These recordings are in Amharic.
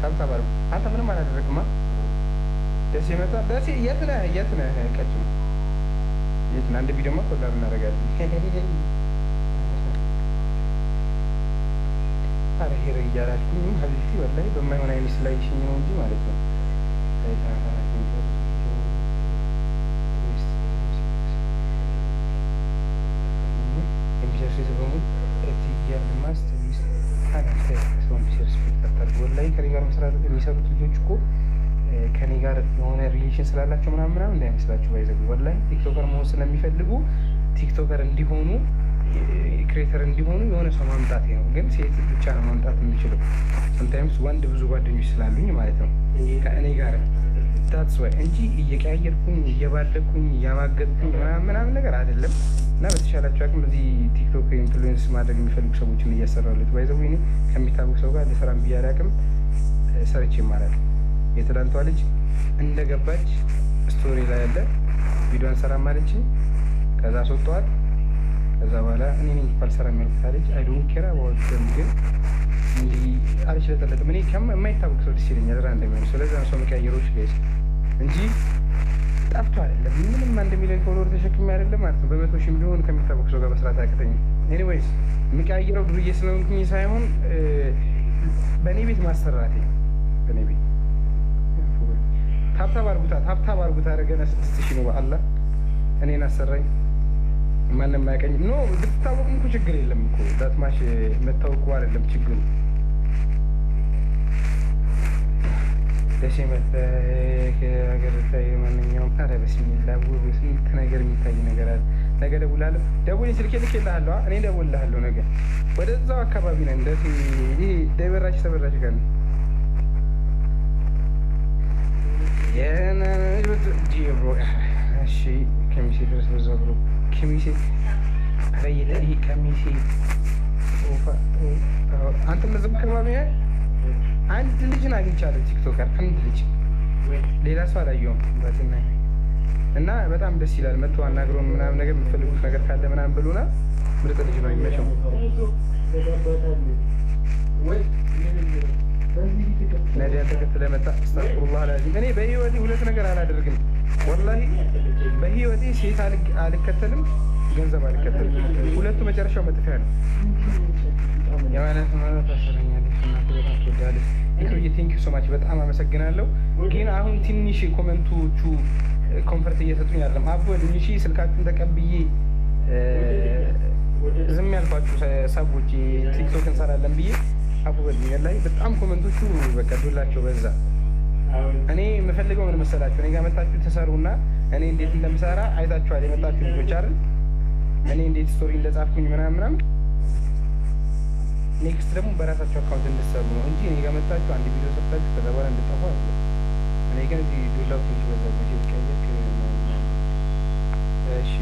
ከአምሳ ባለ አንተ ምንም አላደረግማ። ደሴ መጣ። ደሴ የት ነህ? የት ነህ? ቀጭም የት ነህ? አንድ ቪዲዮማ ኮላብ እናደርጋለን። አረ ሄረ እያላልኩኝም ሀቢብቲ ወላሂ በማይሆን አይነት ስላየሽኝ ነው እንጂ ማለት ነው Yes, she's a woman. ላይ ከኔ ጋር መስራት የሚሰሩት ልጆች እኮ ከኔ ጋር የሆነ ሪሌሽን ስላላቸው ምናምን ምናምን እንዳይመስላችሁ ባይዘጉ ወላሂ ቲክቶከር መሆን ስለሚፈልጉ ቲክቶከር እንዲሆኑ ክሬተር እንዲሆኑ የሆነ ሰው ማምጣት ነው። ግን ሴት ብቻ ነው ማምጣት የሚችለው። ሰምታይምስ ወንድ ብዙ ጓደኞች ስላሉኝ ማለት ነው ከእኔ ጋር ታትስ ወይ እንጂ እየቀያየርኩኝ እየባለኩኝ እያማገጥኩኝ ምናምን ነገር አይደለም። እና በተሻላቸው አቅም በዚህ ቲክቶክ ኢንፍሉዌንስ ማድረግ የሚፈልጉ ሰዎችን እያሰራሉት ባይዘ ወይኔ ከሚታወቅ ሰው ጋር ለስራም ብያለ አቅም ሰርች ይማላል። የትላንቷ ልጅ እንደገባች ስቶሪ ላይ ያለ ቪዲዮ አንሰራም ማለች። ከዛ አስወጥተዋት። ከዛ በኋላ እኔ ነኝ አልሰራም ያልኩት አለች። አይ ዶንት ኬር አባውት ደም ግን እንዲህ አልችለጠለጥም እኔ ከማይታወቅ ሰው ደስ ይለኛል ራ እንደሚሆን ስለዚ ሰው መቀያየሮች ጋይስ እንጂ ጠፍቶ አይደለም ምንም አንድ ሚሊዮን ፎሎወር ተሸክሜ አይደለም ማለት ነው። በመቶ ሺህ ቢሆን ከሚታወቅ ሰው ጋር መስራት አያቅተኝ። ኤኒዌይስ የሚቀያየረው ዱርዬ ስለሆንኩኝ ሳይሆን በእኔ ቤት ማሰራቴ በእኔ ቤት ታብታብ አርጉታ ታብታብ አርጉታ ረገና ስድስት ሺ ነው በአላ እኔን አሰራኝ ማንም አያቀኝም። ኖ ብትታወቅም እኮ ችግር የለም እኮ ዳትማሽ መታወቁ አይደለም ችግሩ ደሴ መጥተህ ሀገር ላይ ማንኛውም ኧረ በስሚላ ስንት ነገር የሚታይ ነገር አለ። ነገ እደውልልሃለሁ። ደውል ስልኬ ልኬልሃለሁ። እኔ እደውልልሃለሁ ነገ ወደዛው አካባቢ ነን። ደሴ ደበራሽ ተበራሽ ጋር ነው። ከሚሴ ድረስ በዛ ብሎ ከሚሴ ኧረ የለ ይሄ ከሚሴ አንተም እዛው አካባቢ ነህ አንድ ልጅን አግኝቻለሁ፣ ቲክቶከር አንድ ልጅ፣ ሌላ ሰው አላየውም በትና እና በጣም ደስ ይላል። መጥቶ አናግሮን ምናምን ነገር የምትፈልጉት ነገር ካለ ምናምን ብሎና ምርጥ ልጅ ነው የሚመቸው። ነዲያን ተከትለ መጣ። አስተግፍሩላህ ላዚም። እኔ በህይወቴ ሁለት ነገር አላደርግም። ወላሂ በህይወቴ ሴት አልከተልም፣ ገንዘብ አልከተልም። ሁለቱ መጨረሻው መጥፊያ ነው። የማለት ማለት አሰረኛ በጣም በጣም አመሰግናለሁ። ግን አሁን ትንሽ ኮመንቶቹ ኮንፈርት እየሰጡኝ አይደለም። አቦ ትንሽ ስልካችሁን ተቀብዬ ዝም ያልኳችሁ ሰዎች ቲክቶክ እንሰራለን ብዬ አቦ ላይ በጣም ኮመንቶቹ በቃ በዛ። እኔ የምፈልገው ምን መሰላችሁ? እኔ ጋር መጣችሁ ተሰሩና እኔ እንዴት እንደምሰራ አይታችኋል። የመጣችሁ ልጆች አይደል? እኔ እንዴት ስቶሪ እንደጻፍኩኝ ምናምን ምናምን ኔክስት ደግሞ በራሳቸው አካውንት እንድሰሩ ነው እንጂ እኔ ጋር አንድ ቪዲዮ ሰርታችሁ ከዛ በኋላ እንድጠፋ አለ። እኔ ግን እዚህ ዱላው ትንሽ በዛ ጊዜ ቀየቅ። እሺ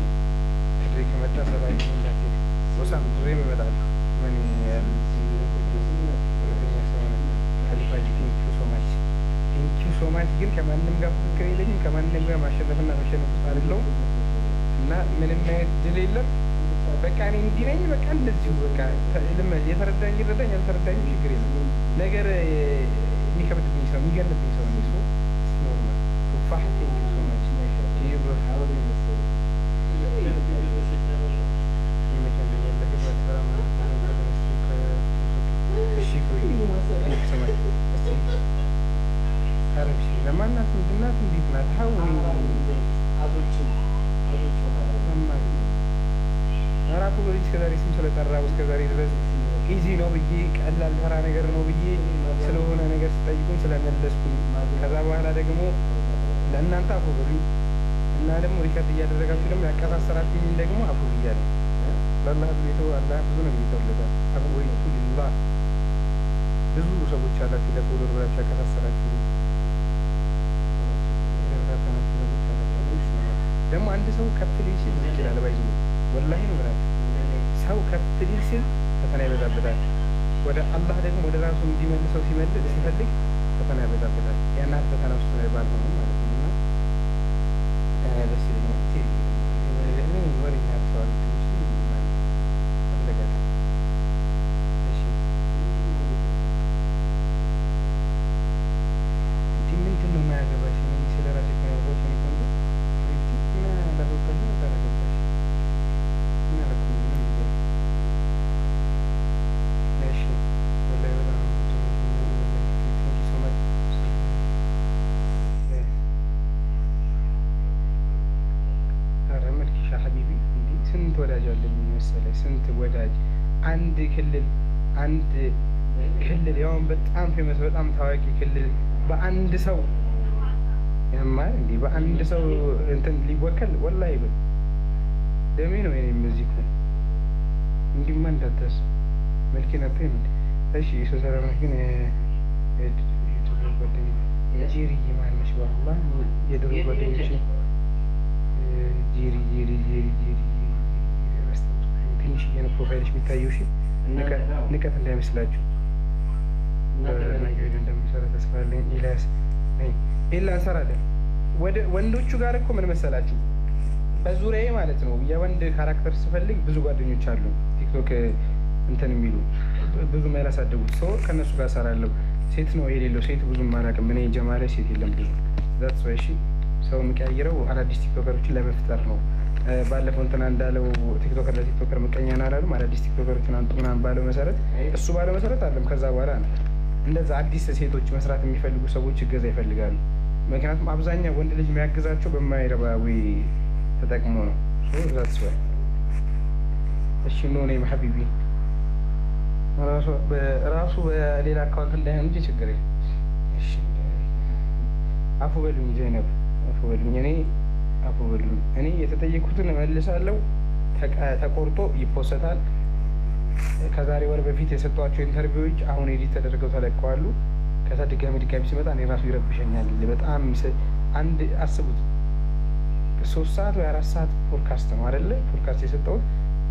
ድሬ ከመጣ ሰባይ ላቴ ወሳም ድሬ ይመጣል ምን ሶማች ግን ከማንም ጋር ፍክክር የለኝም። ከማንም ጋር ማሸነፍና መሸነፍ ውስጥ አይደለሁም እና ምንም አይነት ድል የለም። በቃ እኔ እንዲህ ነኝ በቃ እንደዚሁ በቃ የተረዳኝ ይረዳኝ ያልተረዳኝ ችግር የለም። ነገር የሚከብድብኝ ሰው የሚገንብኝ ሰው እኔ ሰው ኖርማል ቱፋህ ቴንክ ሶ ማች ለማናት ምንድናት እንዴት ናት? ሀው አዞችን አዞች ለማናት ተራ ራኮሎጂ እስከዛሬ ስም ስለጠራው እስከዛሬ ድረስ ኢዚ ነው ብዬ ቀላል ተራ ነገር ነው ብዬ ስለሆነ ነገር ስጠይቁኝ ስለመለስኩኝ ከዛ በኋላ ደግሞ ለእናንተ አፎበሉኝ እና ደግሞ ሪከርድ እያደረጋችሁ ደግሞ ያቀሳሰራችሁኝ ደግሞ አፎ ብያለሁ። ለአላህ ብሎ የተው አላህ ብዙ ነው የሚተውለታል። አፎወይቱ ልላ ብዙ ሰዎች አላችሁ ለፎሎር ብላችሁ ያቀሳሰራችሁ ደግሞ አንድ ሰው ከፍ ሊችል ይችላል ባይዙ ወላሂ ነው ሰው ከፍ ሲል ፈተና ይበዛበታል። ወደ አላህ ደግሞ ወደ ራሱ እንዲመልሰው ሲመልስ ሲፈልግ ፈተና ይበዛበታል። ያና ያህል ፈተና ውስጥ ላይ ባልሆነ ማለት ነው እና ደስ ይለኛል ወሬ ስንት ወዳጅ አለኝ መሰለኝ፣ ስንት ወዳጅ አንድ ክልል አንድ ክልል ያውን በጣም ፌመስ በጣም ታዋቂ ክልል በአንድ ሰው ያማ እንዴ በአንድ ሰው እንትን ሊወከል ወላሂ በ ደሜ ነው የኔ ሙዚክ ነው። እንዲማ እንዳታስ መልኬ ነበር እንዴ እሺ እሱ ሰላም ነኝ ዩቱብ ጓደኛ ጂሪ ማነሽ በአላ የድሮ ጓደኞች ጂሪ ጂሪ ጂሪ ጂሪ ትንሽ ትንሽዬ ነው ፕሮፋይልሽ የሚታየው። እሺ ንቀት እንዳይመስላችሁ ነገር እንደምሰራ ተስፋ አለኝ። ኤልያስ ኤላ እንሰራለን። ወደ ወንዶቹ ጋር እኮ ምን መሰላችሁ በዙሪያዬ ማለት ነው የወንድ ካራክተር ስፈልግ ብዙ ጓደኞች አሉ ቲክቶክ እንትን የሚሉ ብዙም ያላሳደጉት ሰው ከእነሱ ጋር እሰራለሁ። ሴት ነው የሌለው ሴት ብዙ አላውቅም። እኔ ጀማ ላይ ሴት የለም ብዙ ዛት ሰው ሰው የሚቀያይረው አዳዲስ ቲክቶከሮችን ለመፍጠር ነው። ባለፈው እንትና እንዳለው ቲክቶከር ለቲክቶከር ምቀኛ ነው አላለም። አዳዲስ ቲክቶከሮች ምናምን ባለው መሰረት እሱ ባለው መሰረት አለም ከዛ በኋላ ነው እንደዛ አዲስ ሴቶች መስራት የሚፈልጉ ሰዎች እገዛ ይፈልጋሉ። ምክንያቱም አብዛኛው ወንድ ልጅ የሚያግዛቸው በማይረባዊ ተጠቅሞ ነው ዛት ስበል እሺ ኖ ነ ሀቢቢ ራሱ በሌላ አካውንት እንዳይሆን እንጂ ችግር አፉ በሉኝ፣ ዘይነብ አፉ በሉኝ እኔ አኮበሉም እኔ የተጠየኩትን መልሳለሁ። ተቆርጦ ይፖሰታል። ከዛሬ ወር በፊት የሰጧቸው ኢንተርቪዎች አሁን ኤዲት ተደርገው ተለቀዋሉ። ከዛ ድጋሚ ድጋሚ ሲመጣ እኔ ራሱ ይረብሸኛል። በጣም አንድ አስቡት፣ ሶስት ሰዓት ወይ አራት ሰዓት ፖድካስት ነው አደለ? ፖድካስት የሰጠሁት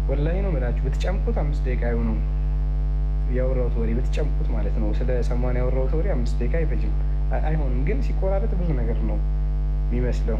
ወላሂ ነው ምላችሁ፣ በተጨምቁት አምስት ደቂቃ የሆኑ ያወራሁት ወሬ በተጨምቁት ማለት ነው። ስለ ሰማን ያወራሁት ወሬ አምስት ደቂቃ አይፈጅም፣ አይሆንም። ግን ሲቆራረጥ ብዙ ነገር ነው የሚመስለው።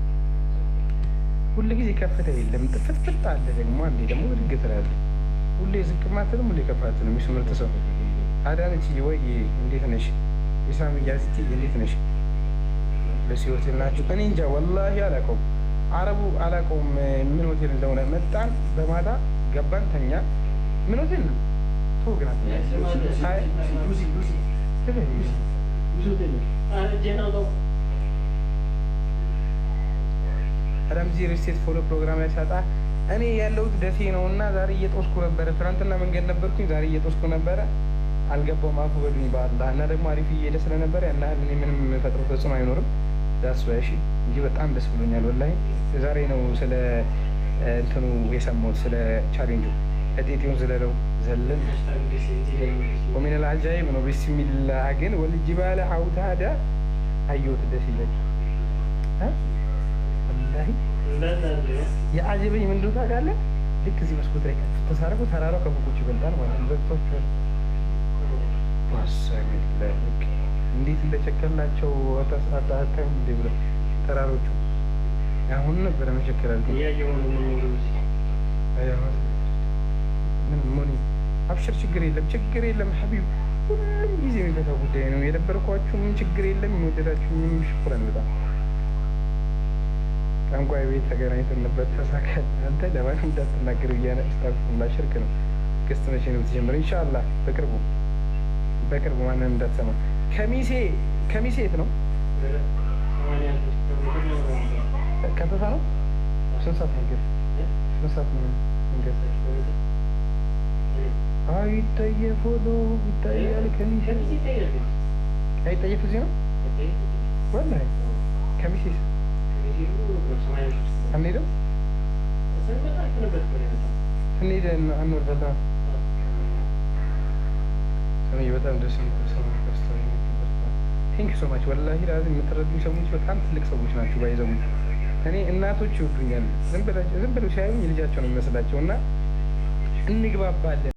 ሁሉ ጊዜ ከፍታ የለም ጥፍጥፍጥ አለ። ደግሞ አንዴ ደግሞ እድግ ትላለ። ሁሌ ዝቅ ማትልም ሁሌ ከፋት ነው። የስምርት ሰው አዳነች ወይ እንዴት ነሽ? ኢሳም እያስቲ እንዴት ነሽ? በሲወት ናችሁ? እኔ እንጃ ወላሂ አላውቀውም። አረቡ አላውቀውም ምን ሆቴል እንደሆነ መጣን፣ በማታ ገባን፣ ተኛ። ምን ሆቴል ነው ተወግናት ይ ረምዚ ሪስቴት ፎሎ ፕሮግራም ያሳጣ እኔ ያለሁት ደሴ ነው እና ዛሬ እየጦስኩ ነበረ። ትናንትና መንገድ ነበርኩኝ፣ ዛሬ እየጦስኩ ነበረ። አልገባውም አፉ በሉኝ በአላህ እና ደግሞ አሪፍ እየሄደ ስለነበረ ያን ያህል እኔ ምንም የምፈጥረው ተጽዕኖ አይኖርም። ዳስ በሺ እንጂ በጣም ደስ ብሎኛል ወላይ ዛሬ ነው ስለ እንትኑ የሰማሁት ስለ ቻሌንጁ ከጤጤውን ዝለለው ዘለን ወሚን አልዓጃይብ ነው። ቢስሚላህ ግን ወልጅ ባለ አውታዳ አየሁት ደስ ይለኝ የአጀበኝ ምንድን ታውቃለህ? ልክ እዚህ መስኮት ላይ ከፍ ተሳረጉ ተራራው ከፎቆቹ ይበልጣል ማለት ነው። ዘግቶቹ እንዴት እንደቸከልናቸው አታም እንዴ ብለ ተራሮቹ አሁን ነበረ መቸከላል ምን ሞኒ አብሽር፣ ችግር የለም ችግር የለም ሀቢብ ሁሉም ጊዜ የሚፈታው ጉዳይ ነው። የደበርኳችሁ ምን ችግር የለም። የሚወደዳችሁ ምንም ሽኩረን በጣም ጠንቋይ ቤት ተገናኝተን ነበር አንተ ለማንም እንዳትናገር ብያለሁ። አስታክፍላ ሽርክ ነው። ክስት መቼ ነው ትጀምር? ኢንሻላህ በቅርቡ በቅርቡ ማንን እንዳትሰማ። ከሚሴ ከሚሴ የት ነው? ከንተሳ ነው። ስንት ሰዓት ነው? ስንት ሰዓት ነው? አይታየ ፎሎ ይታያል። ከሚሴ አይታየ ጊዜ ነው ወላሂ ከሚሴ አንሄድም ስንሄድ በጣም ደስ ቴንክ ሶ ማች ወላሂ ላዚም የምትረዱኝ ሰዎች በጣም ትልቅ ሰዎች ናቸው። ባይዘቡ እኔ እናቶች ይወዱኛል። ዝም ብለው ሲያዩኝ ልጃቸው ነው የሚመስላቸው እና እንግባባለን።